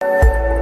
thank you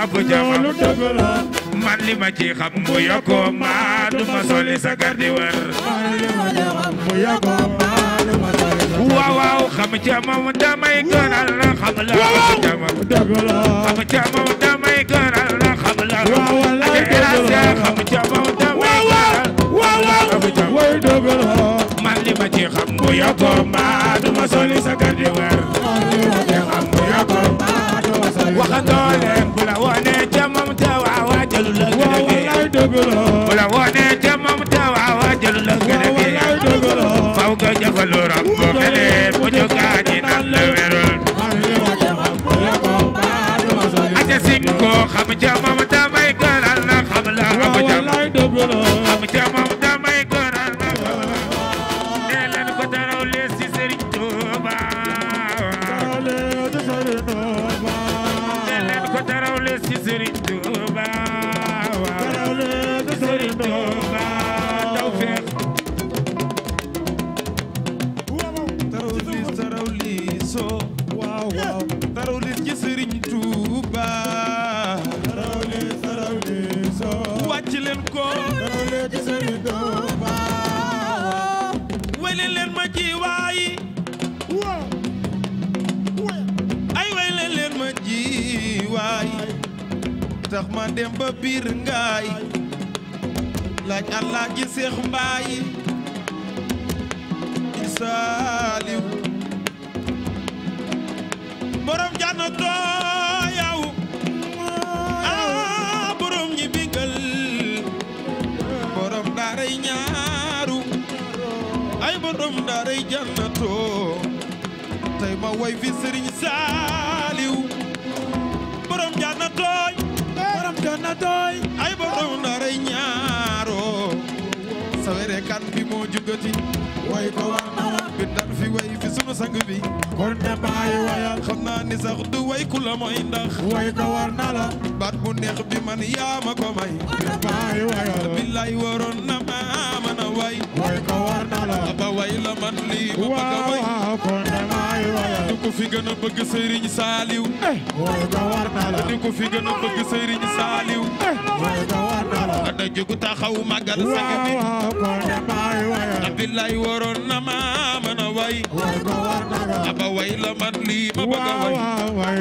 Abuja ma lu dëgg la man li ma ci xam mu yokkoo maa du ma soli sa gardi wër waaw waaw xam ca moom damay gënal la xam la xam ca moom damay gënal la xam la xam ca moom damay gënal la man li ma ci xam mu yokkoo maa du ma soli sa gardi wër waxandoo leen bu la jëlu la gën a gee walaay dëgg la bu la woonee ca moom te waawa jëlu la gën a gee walaay dëgg la faw nga jëfalu rab ko melee bu ñu gaañi nan la wérul ate sin ko xam ca moom tax ma dem ba biir ngaay laaj allah ji seex mbaay i saaliw borom jànnatoo yaw aa ah, borom ñi bigal borom daaray ñaaru ay borom daaray jànnatoo tey ma way fi sëriñ saaliw borom jànnatoo na tooy ay borom ndaray ñaaro sawere kan bi moo jugati way ko war na fi way fi sunu sang bi kon ne maay wayal xam naa ni sax du way ku la mooy ndax way ko war na la baat bu neex bi man yaa ma ko may ne maay wayal billaay waroon na ma mën a way way ko war na la ba way la man lii ma bëgg a way kon ne maay wayal du ko fi gën a bëgg Serigne Saliou eh, way ko war na la du ko fi gën a bëgg Serigne Saliou eh, way ko war na la da jugu taxaw màggal sang bi billaay waroon na ma way aba way la man lii ma bëgg a way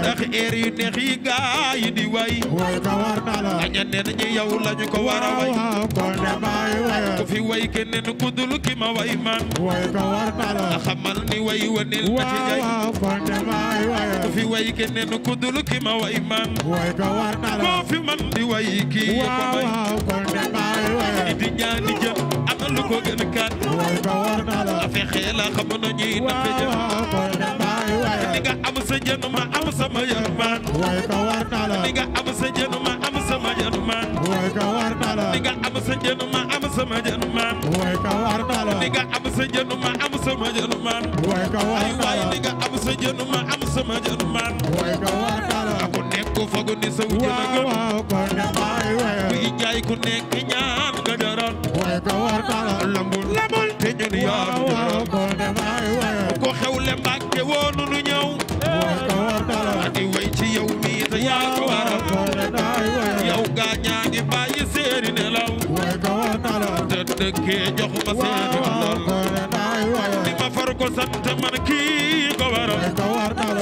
ndax eer yu neex yi gaa yi di way aña neen ñi yow lañu ko war a way ku fi way keneen ku dul ki ma way man a xamal ni way wanil ma ci gay ku fi way keneen ku dul ki ma way man koo fi man di way kii ko may di ñaani jëm lu ko gën a kaat a fexe la xam na ñuy nappe jëm li nga am sa jën ma am sama yar maan li nga jaay yor ko xewle mbàkke woonu nu ñëw di way ci yow mii te yaa ko waral yow gaa ñaa ngi bàyyi seeni nelaw te dëkkee jox ma seeni lool di ma far ko sant man kii ko waral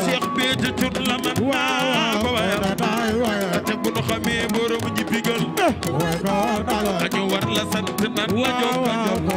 Cheikh Béthio Thioune la man maa ko waral te bu nu xamee borom ñi bigal dañu war la sant nan la jox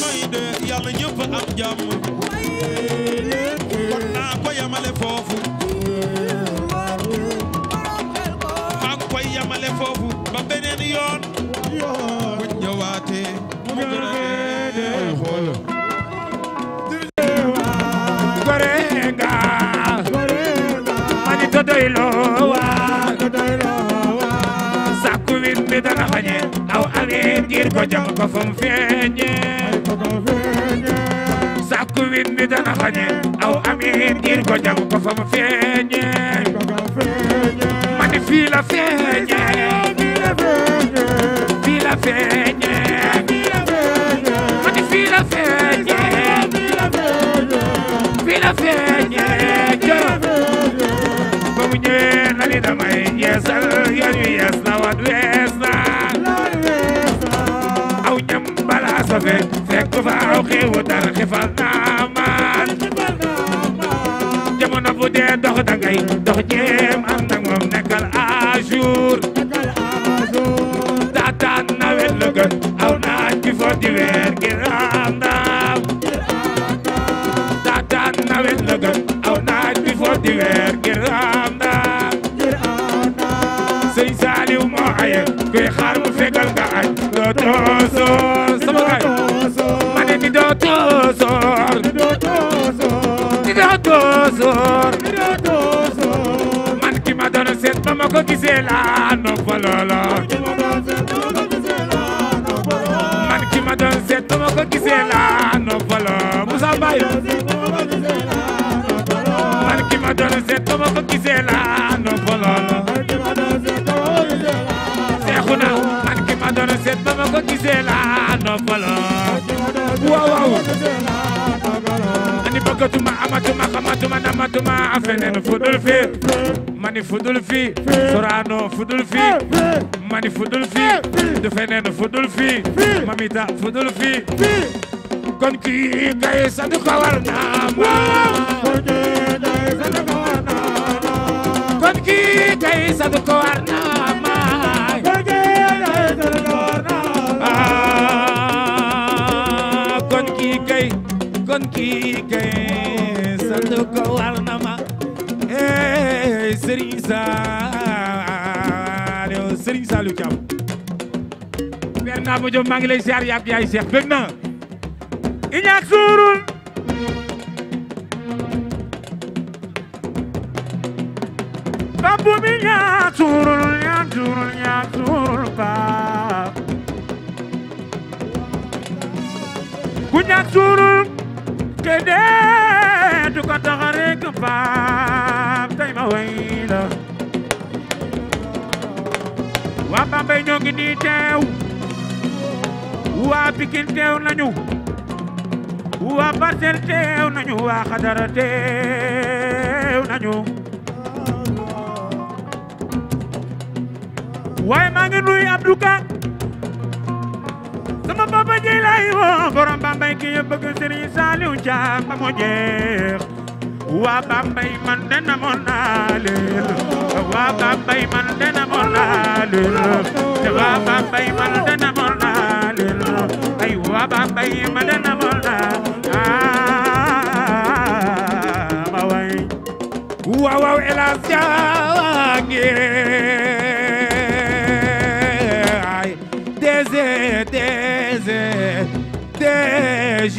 may de yàlla ñëpp am jàmm kon naa ko yamale foofu maa ngi koy yamale foofu ba beneen yoon buñ ñëwaatee mu goree xool goree nga mani to doyloo waa sàkku win bi dana xañe aw aleen ngir ko jam ko fum feeñee sàkku win bi dana xañe aw amiin ngir ko jam ko fa mu feeñe ma ne fii la feeñe fii la feeñe ma ne fii la feeñe fii la feeñe ba mu ñëwee na li damay yeesal yan yu yees na wat wees na safe fekk fa aw xewu dara xifal naa maan jamono bu dee dox dangay dox jéem ànd ak moom nekkal à jour daataan nawet la gën aw naaj bi fo weer ngir àndaaw daataan nawet la gën aw naaj bi fo di weer ngir àndaaw aye Mirador Mirador man ki ma doon seet ba ma ko gisee laa noppaloo la man ki ma doon seet ba ma ko gisee laa noppaloo Moussa Mbaye man ki ma doon seet ba ma ko gisee laa noppaloo la Seexuna man ki ma doon seet ba ma ko gisee laa noppaloo waaw waaw bëggatuma amatuma xamatuma namatuma a feneen fudul fii mani fudul fii Sorano fudul fii mani fudul fii du feneen fudul fii mamita fudul fii kon kii kay sadu ko war naa ma kon kii kay sadu ko war naa kii kay na ma maa ngi lay suurul. Ku ñaak suurul. te dee du ko tax ma wey la waa Bambey ñoo ngi nii teew waa Pikine teew nañu waa Parcelles teew nañu waa Xadara teew nañu waaye maa ngi nuyu Abdou Ka sama papa ji lay woo Bambey ki yëpp bëgg Serigne Saliou Dia ba mu jeex waa Bambey man de namoon naa leen waa Bambey man de namoon naa leen waa Bambey man de namoon naa leen ay waa Bambey man de namoon naa ah, ma way waaw waaw El Hadj Dia DG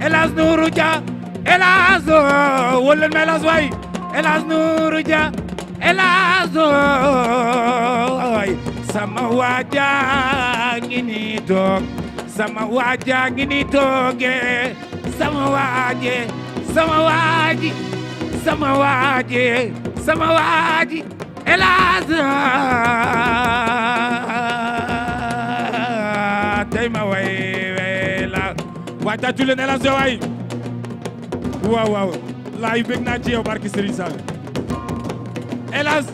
Elas Nourou Dia Elas oh, wóolal ma Elas waay Elas Nourou Dia Elas oh, waay sama waajaa ngi nii toog sama waajaa ngi nii toogee sama waaje sama waaji sama waaje sama waaji Elas oh. waay tàccu leen Elhadj waay waaw laay bég naa ci yow barki Serigne Sall Elhadj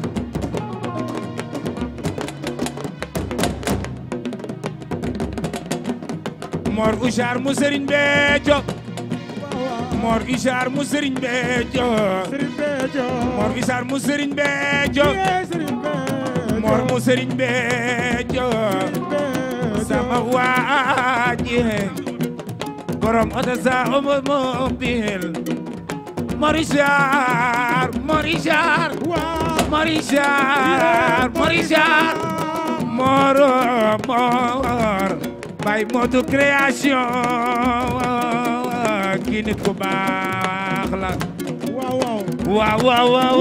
Mor Ushar mu Serigne Béthio Mor Ushar mu Serigne Béthio Mor Ushar mu Serigne Béthio Mor mu Serigne Béthio sama waa ji gorom أتزاحم بهم مريشار مريشار مريشار مريشار مور مور باي مودو création kii nit ku baax la waaw waaw waaw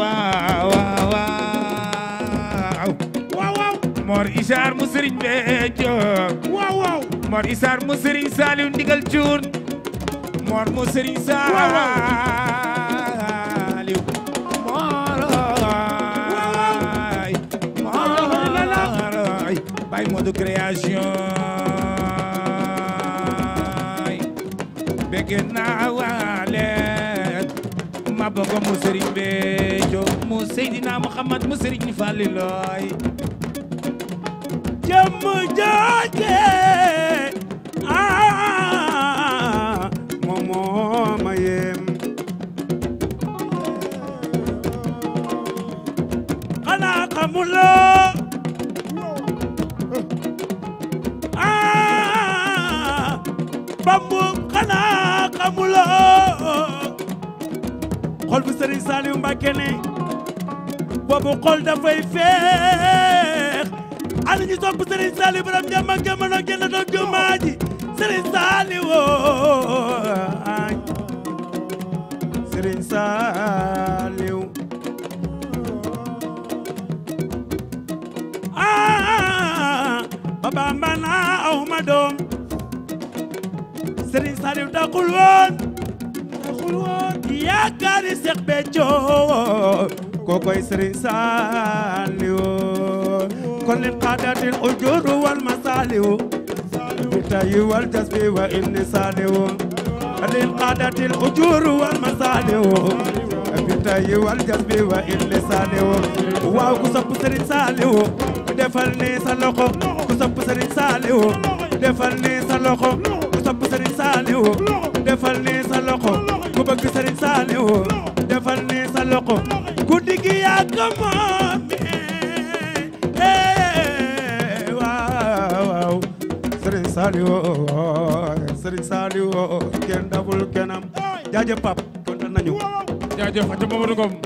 waaw waaw waaw mor isaar mu sëriñ Béthio waaw waaw Mor Isaar mu Serigne Saliou ndigal cuun Mor mu Serigne Saliou Moroy Moroy Baye Modou création bëgg naa waale ma bëgg mu Serigne Béthio mu Seydina Muhammad mu Serigne Fallilooy jëmm jooje xamul la ah bambu xanaa xamul la xol bu Sëriñ Saliou Mbacké ne boobu xol dafay feex ana ñu sopp Sëriñ Saliou borom jàmm jamono génn doon jumaa ji Sëriñ Saliou Sëriñ Saliou ma bamba naa aw ma doom Serigne Saliou taxul woon taxul woon yaakaari Seex Béthio kokoy Serigne Saliou kon leen qaadatil ujur wal masalihu bitayi wal jasbi wa inni salihu leen qaadatil ujur wal masalihu bitayi wal jasbi wa inni salihu waaw ku sopp Serigne Saliou defal ni sa ku sopp Serigne Saliou defal ni sa ku sopp Serigne Saliou defal ni sa ku bëgg Serigne Saliou defal ni sa loxo guddi gi yaa ko moom eh waaw waaw Serigne Saliou Serigne Saliou kenn dabul kenam jaajëf Pape kontaan nañu jaajëf Mamadou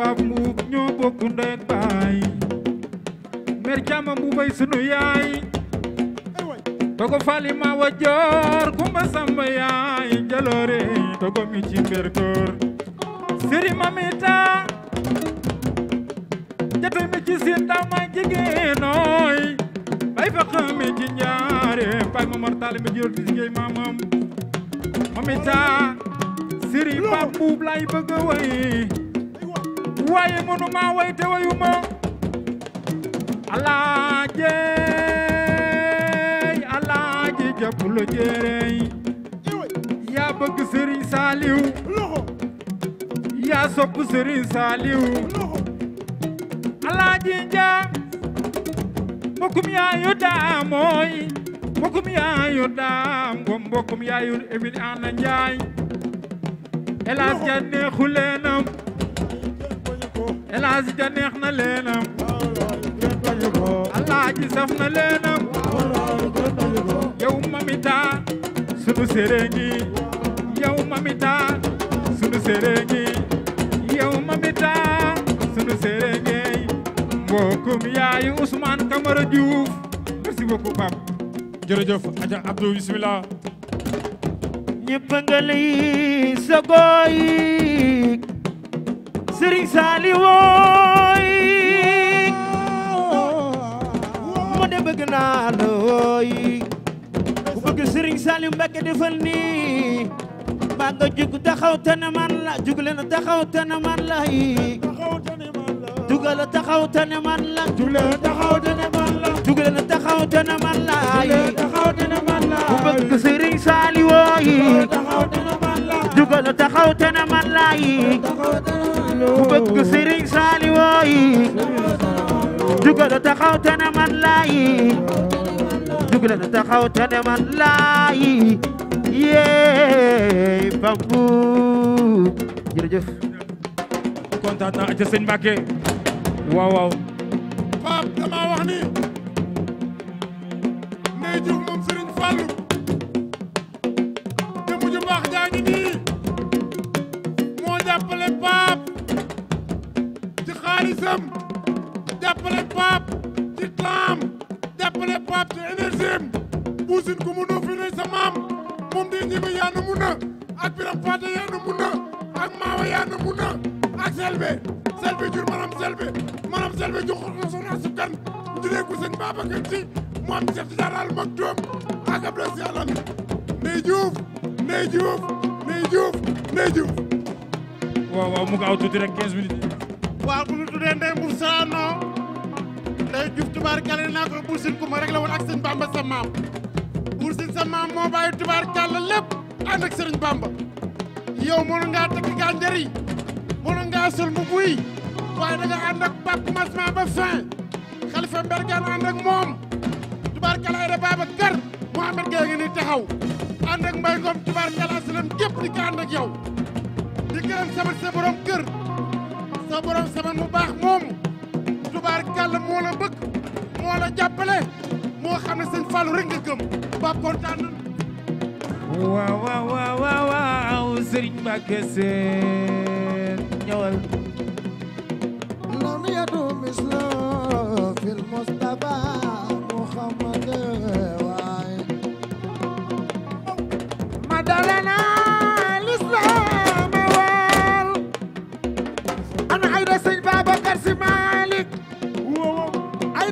Pape Mbuub baay mer jàmma mbuubay sunu yaay togo fali wa joor kumba samba yaay jaloore togo mi ci siri mamita jatoy mi ci siin daw ma jigéenooy bay fa xami ci ñaare ma mortale mi jël fi liggéey mamita siri Pape Mbuub lay bëgg waaye mënuma way te wayuma alaaje alaaje jàpp la jeerey yaa bëgg Serigne Saliou yaa sopp Serigne Saliou alaaji njaa mbokkum yaayu daa mbokkum yaayu daa ngom mbokkum yaayu Emine Anna Ndiaye hélas ja neexu Elaaji ja neex na leenam Alaaji saf na leenam yow mamita sunu serengi yow mamita sunu serengi yow mamita sunu serengi mbokkum yaayu Ousmane Camara Diouf merci beaucoup pap jërëjëf aja Abdou bismillah ñëpp nga lay sa goy Serigne Saliou wooyi mu de bëgg naa la wooyi ku bëgg Serigne Saliou Mbacké defal nii ba nga jug taxaw tane man la jug leen taxaw tane man la yi jugal taxaw tane man la jug leen taxaw tane man la jug leen taxaw tane man la yi ku bëgg Serigne Saliou wooyi jugal taxaw tane man yi ku bëgg Sëriñ man laa yi jugal taxaw te man laa yi yee bambu jërëjëf kontaan naa ca sëñ Mbàkke waaw waaw Pape dama wax ni nay jug moom Sëriñ Fallu jàppale Pape ci temps jàppale Pape ci énergie buusin ku mu nu fi ne sa maam di ñebe yaa nu mun a ak Biram Fata yaa nu mun a ak Maawa yaa nu mun a ak Selbe Selbe jur maanaam Selbe maanaam Selbe jox ko soxna su kan juree ko sëñ Babacar Sy mu am Cheikh Diarra mag doom ak Abdoulaye Sy Alane Ndey Diouf Ndey Diouf Ndey Diouf Ndey Diouf. mu gaaw tuuti rek 15 minutes. waaw bu ñu tuddee Ndeye Mbour Sarano. day Diouf tubaarkàlla nee naa ko Bour Sine ku ma rek la woon ak sëñ Bamba sa maam Bour Sine sa maam moo bàyyi tubaarkàlla lépp ànd ak sëriñ Bamba yow mënu ngaa takk gànjar yi mënu ngaa sol mu buy waaye da nga ànd ak ba commencement ba fin Khalifa Mbergane ànd ak moom tubaarkàlla Aïda Babacar Mouhamed Gueye ngi nii taxaw ànd ak Mbaye Ngom tubaarkàlla asalaam gépp di ko ànd ak yow di gërëm sama sa borom kër sa borom sama mu baax moom tubaar kàll moo la bëgg moo la jàppale moo xam ne sëñ Fallou rek nga gëm ba kontaan nañu. waaw waaw waaw waaw Serigne Mbacké Seen ñëwal. lam yadu misla fil Mustafa Muhammad waay. madalena l'islam waal. ana ayda sëñ Babacar Si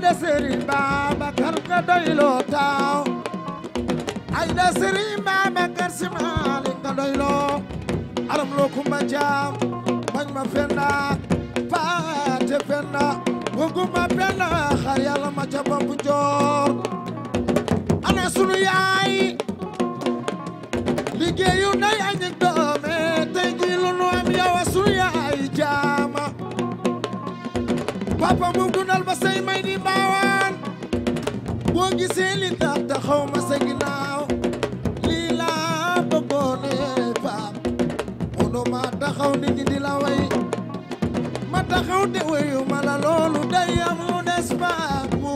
ay da Serigne Babacar doyloo taaw ay da Serigne Babacar Si Maalik doyloo aram loo kumba jaam bañ ma fenna paate fenna guguma fenna xar yàlla ma ca bopp joor ana sunu yaay liggéeyu nay añik do papa moom dundal ba say may di baawaan boo gisee li tax taxaw ma sa ginnaaw lii laa bëggoone pap mënu ma taxaw nit ñi di la way ma taxaw te wayu ma la loolu day amu des pap mu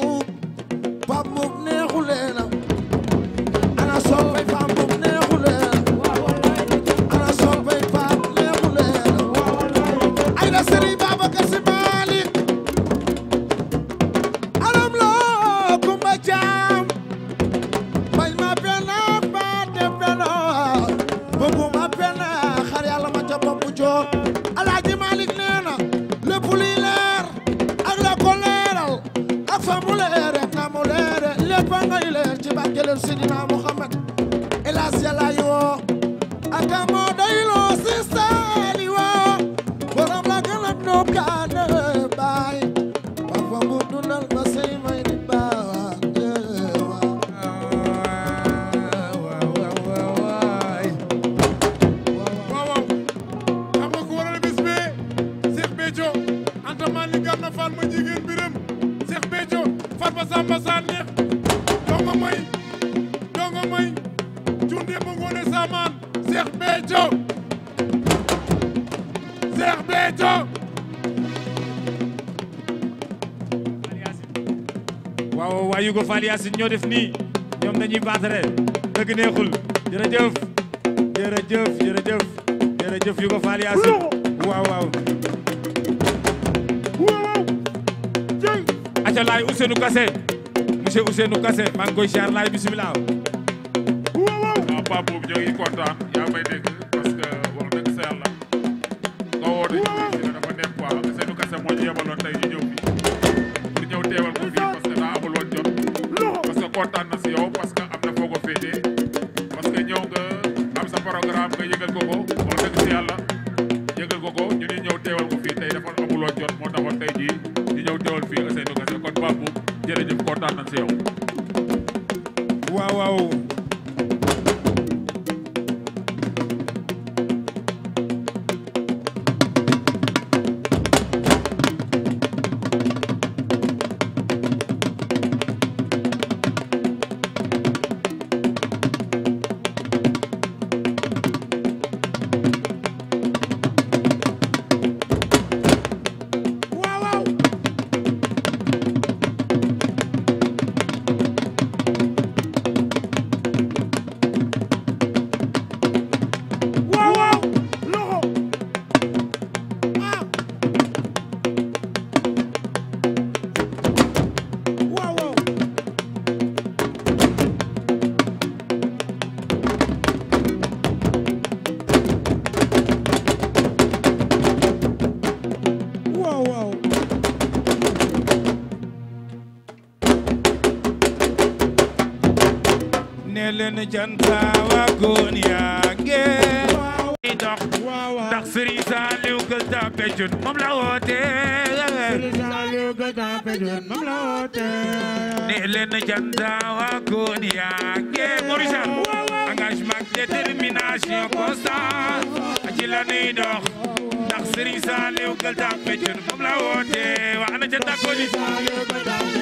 pap mu neexulee la ana sol may faam Fall Yacine ñoo def nii ñoom dañuy baatare dëgg neexul jërëjëf jërëjëf jërëjëf jërëjëf Yugo Fall Yacine waaw waaw aca laay Ousseynou Kassé monsieur Ousseynou koy siyaar laay bismillah waaw Pape boobu ñoo ngi kontaan yaa may dégg parce que wax dëgg sa yàlla nga teewal kontaan na si yow parce que am na foo ko féetee parce ñëw nga am sa programme nga yëgal ko ko dëgg si yàlla yëgal ko ñu ni ñëw teewal ko fii tey dafa amuloo jot moo taxoon tey jii ñu ñëw teewal fii Ousseynou Kassé kon Pape Mboup jërëjëf kontaan nañ si yow benn cantaawa goon yaa ngi dox ndax Serigne Saliou Gueule Tapée Diougne moom la woote ne leen cantaawa goon yaa ngi Maurice engagement détermination constant ci la nuy dox ndax Serigne Saliou Gueule Tapée Diougne moom la woote wax na ca tàkkoon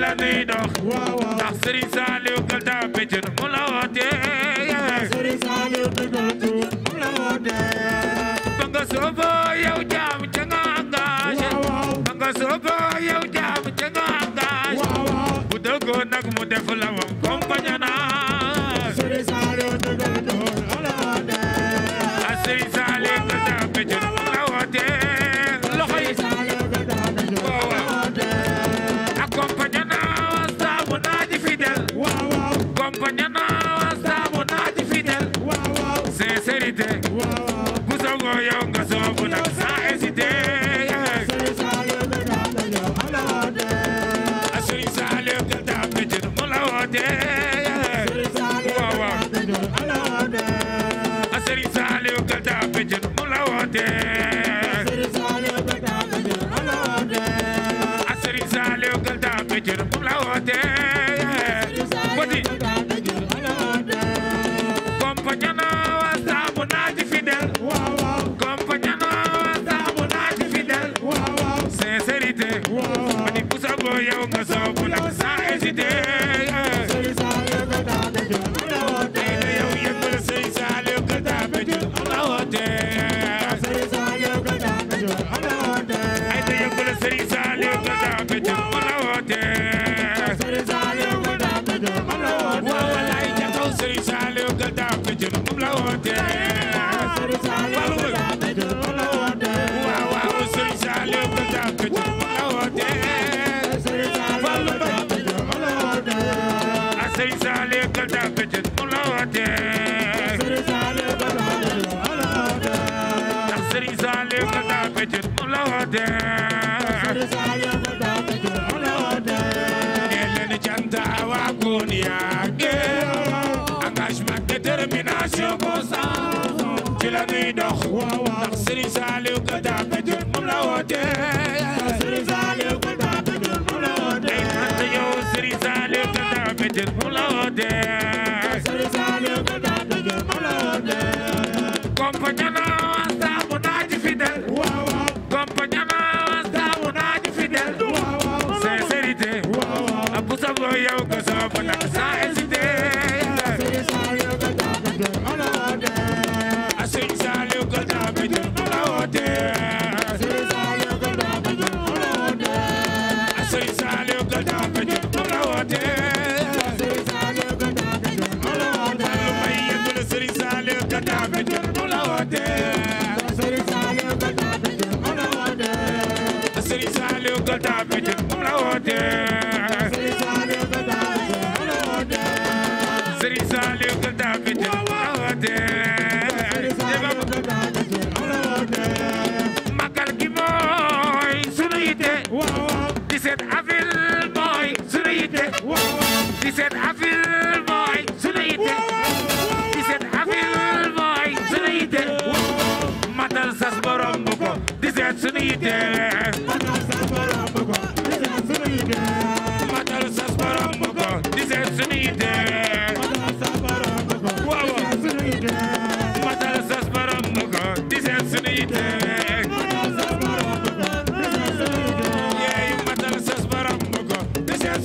la nuy dox ndax Serigne Saliou Kolda Béthio mu la woote Serigne Saliou Kolda Béthio mu la woote ba nga sooboo yow jaam ca nga engagé ba nga sooboo yow But now la woote Fallou Mbëkke la woote waaw waaw Sëriñ Saliou Bada Béthio la woote Fallou Mbëkke la woote Sëriñ Saliou Bada Béthio la woote Sëriñ Saliou Bada Béthio la woote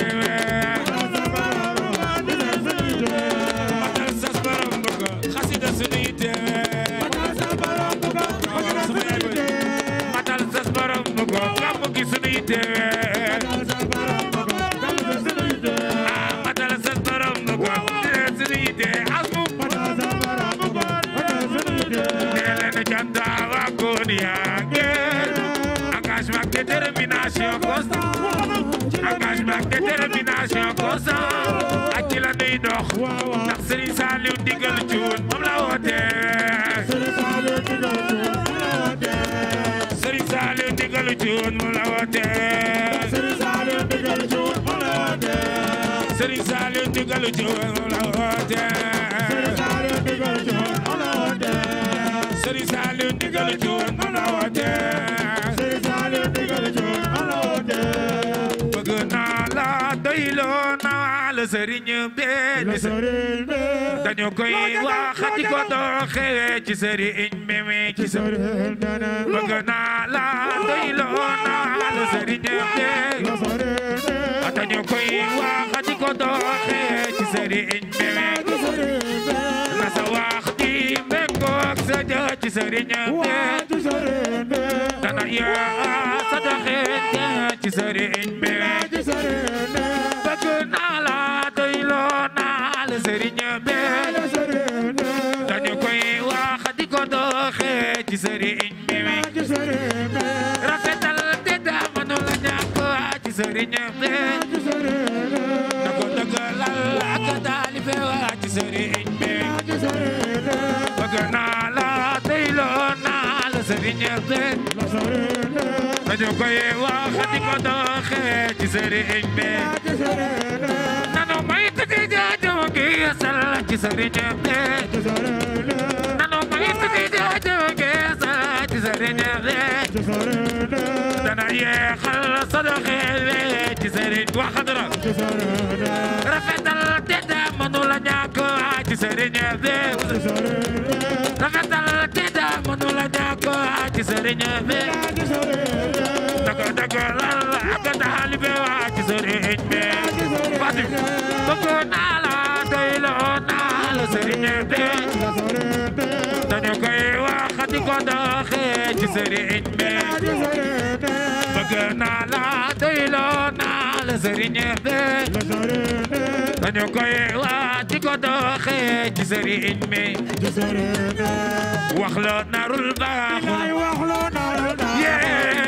Amen. engagement te détermination constant ak ci la nuy dox ndax Serigne Saliou digal cuun moom la woote Serigne Saliou digal cuun moom la la sëriñ bi di sëriñ bi dañu koy waxati ko doxee ci sëriñ bi mi ci sëriñ bi bëgg naa la doyloo naa la sëriñ bi dañu koy waxati ko doxee ci sëriñ bi mi na sa wax di méngoog sa jë ci sëriñ bi dana yaa sa doxee ci sëriñ bi sëriñ bi dañu koy wax di ko doxe ci sëriñ bi rafetal te daa mënu la ñàkk ci sëriñ bi na ko dëggalal ak taalibe wa ci sëriñ bi bëgg naa la teyloo naa la sëriñ bi dañu koy wax di ko doxe ci sëriñ bi geesal la te daa mënu la ñàkk ci sëriñ bi dana koy waxati ko doxee ci sëriñ bi bëgg naa la doyloo naa la sëriñ bi dana koy waxati ko doxee ci sëriñ bi wax loo narul baaxul yee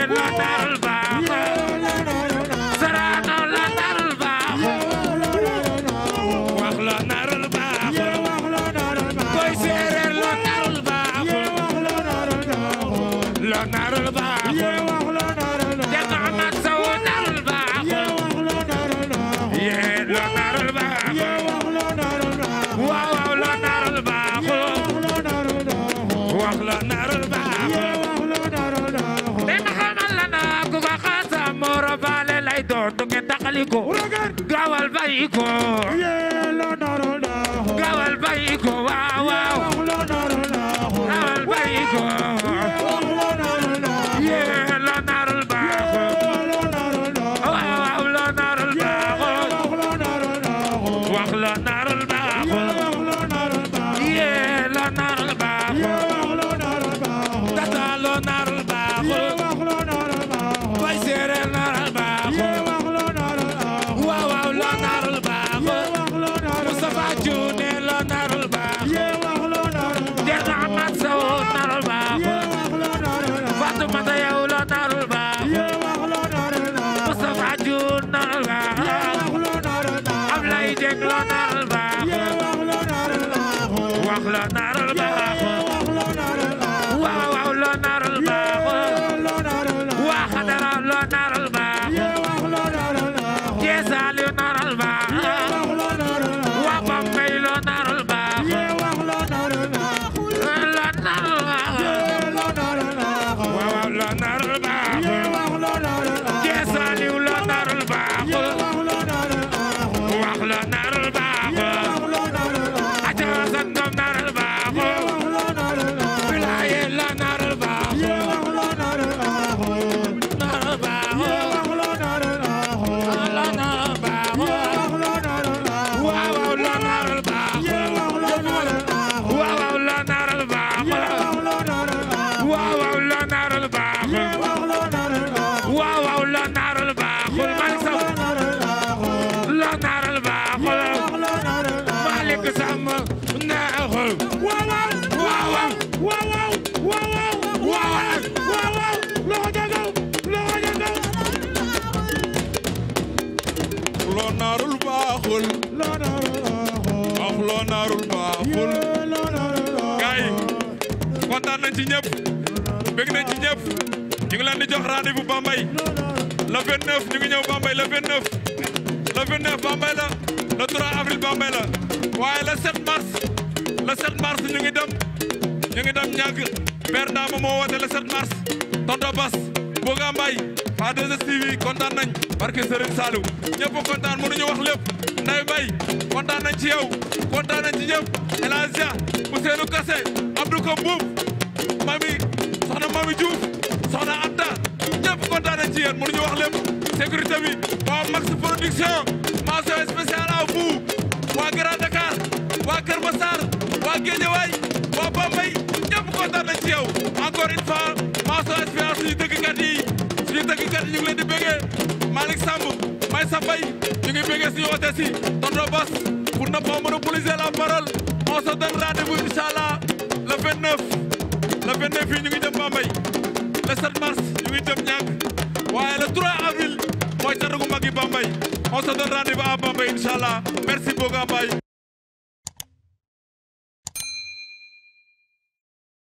bàyyi ko gaawal bàyyi ko nañ ci ñëpp bëgg nañ ci ñëpp ñu ngi leen di jox rendez-vous Bambey le 29 ñu ngi ñëw Bambey le 29 le 29 Bambey la le 3 avril waaye le mars le mars ñu ngi ñu ngi dem ñàgg père Dama moo woote le mars tonton Bass Boga Mbaye waa 2 kontaan nañ barke Serigne Saliou ñëpp kontaan mënuñu wax lépp Ndeye Mbaye kontaan nañ ci yow kontaan nañ ci ñëpp El Hadj Dia Ousseynou Kassé Abdou Kamboum mami soxna mami Diouf soxna Anta ñëpp kontaan nañ ci yéen mënuñu wax lépp sécurité bi waa Max production mention spéciale à vous waa Grand Dakar waa Kër Massar waa Guédiawaye waa Bambey ñëpp kontaan nañ ci yow encore une fois mention spéciale suñu dëggkat yi suñu dëggkat yi ñu leen di bëggee Malick Samb may sa bay ñu ngi bëggee suñu hôtesse yi Tonton Bass pour ne pas monopoliser la parole on se donne rendez-vous inchallah le 29 le 29 fii ñu ngi jëm Bambey le 7 mars ñu ngi jëm Niack waaye le 3 avril mooy catu gu mag yi Bambey on se donne